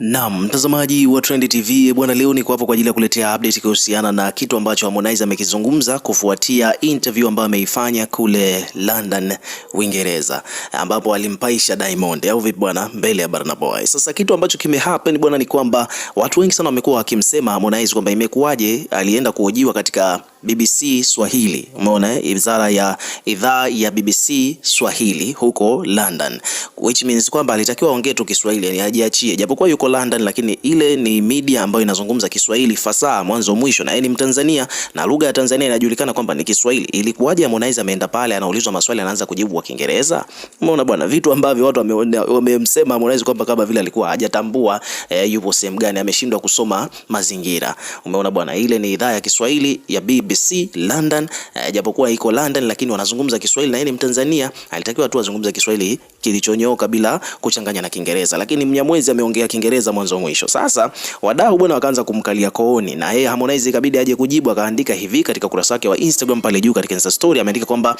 Naam, mtazamaji wa Trend TV eh, bwana, leo niko hapo kwa ajili ya kuletea update kuhusiana na kitu ambacho Harmonize amekizungumza kufuatia interview ambayo ameifanya kule London, Uingereza, ambapo alimpaisha Diamond au vipi bwana, mbele ya Burna Boy. Sasa kitu ambacho kimehappen bwana ni kwamba watu wengi sana wamekuwa wakimsema Harmonize kwamba imekuwaje alienda kuhojiwa katika BBC Swahili. Umeona, eh, idhara ya idhaa ya BBC Swahili huko London, which means kwamba alitakiwa aongee tu Kiswahili, yani ajiachie, japokuwa yuko London, lakini ile ni media ambayo inazungumza Kiswahili fasaha mwanzo mwisho, na yeye ni Mtanzania na lugha ya Tanzania inajulikana kwamba ni Kiswahili. Ilikuwaje Harmonize ameenda pale, anaulizwa maswali, anaanza kujibu kwa Kiingereza? Umeona bwana, vitu ambavyo watu wamemsema Harmonize kwamba kama vile alikuwa hajatambua eh, yupo sehemu gani, ameshindwa kusoma mazingira. Umeona bwana, ile ni idhaa ya Kiswahili ya BBC BBC London. Uh, japokuwa iko London lakini wanazungumza Kiswahili na yeye ni Mtanzania, alitakiwa tu azungumze Kiswahili kilichonyooka bila kuchanganya na Kiingereza, lakini Mnyamwezi ameongea Kiingereza mwanzo mwisho. Sasa wadau bwana wakaanza kumkalia kooni, na yeye Harmonize ikabidi aje kujibu. Akaandika hivi katika ukurasa wake wa Instagram pale juu, katika Insta story ameandika kwamba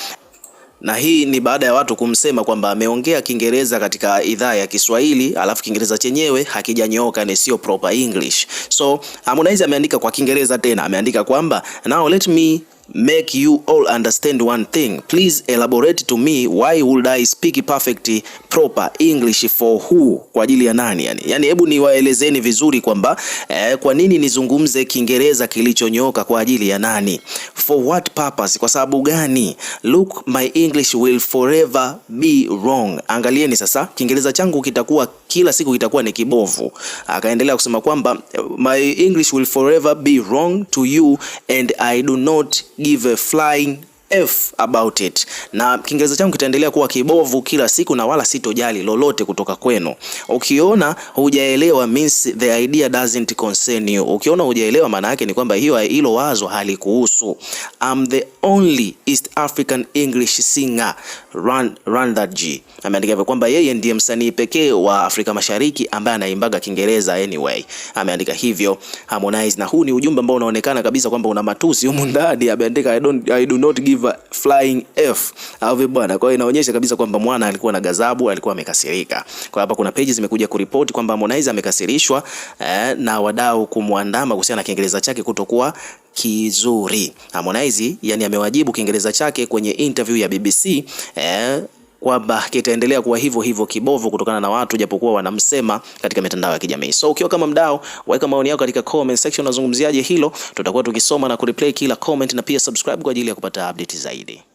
na hii ni baada ya watu kumsema kwamba ameongea Kiingereza katika idhaa ya Kiswahili, alafu Kiingereza chenyewe hakijanyooka, ni sio proper English. So Harmonize ameandika kwa Kiingereza tena, ameandika kwamba now let me make you all understand one thing. Please elaborate to me why would I speak perfect proper English for who? Kwa ajili ya nani yani? Yani hebu niwaelezeni vizuri kwamba eh, kwa nini nizungumze Kiingereza kilichonyoka kwa ajili ya nani? For what purpose? Kwa sababu gani? Look, my English will forever be wrong. Angalieni sasa, Kiingereza changu kitakuwa kila siku kitakuwa ni kibovu. Akaendelea kusema kwamba eh, my English will forever be wrong to you and I do not give a flying f about it, na Kiingereza changu kitaendelea kuwa kibovu kila siku na wala sitojali lolote kutoka kwenu. Ukiona hujaelewa means the idea doesn't concern you. Ukiona hujaelewa, maana yake ni kwamba hiyo hilo wazo halikuhusu. I'm the only East African English singer run, run that G. Ameandika hivyo kwamba yeye ndiye msanii pekee wa Afrika Mashariki ambaye anaimbaga Kiingereza anyway. Ameandika hivyo Harmonize, na huu ni ujumbe ambao unaonekana kabisa kwamba una matusi humu ndani. Ameandika I don't, I do not give Silver Flying F au bwana. Kwa hiyo inaonyesha kabisa kwamba mwana alikuwa na gazabu, alikuwa amekasirika. Kwa hapa kuna pages zimekuja kuripoti kwamba Harmonize amekasirishwa eh, na wadau kumwandama kuhusiana na Kiingereza chake kutokuwa kizuri. Harmonize yani amewajibu Kiingereza chake kwenye interview ya BBC eh, kwamba kitaendelea kuwa hivyo hivyo kibovu kutokana na watu japokuwa wanamsema katika mitandao ya kijamii. So ukiwa kama mdau, weka maoni yako katika comment section, unazungumziaje hilo? Tutakuwa tukisoma na kureplay kila comment, na pia subscribe kwa ajili ya kupata update zaidi.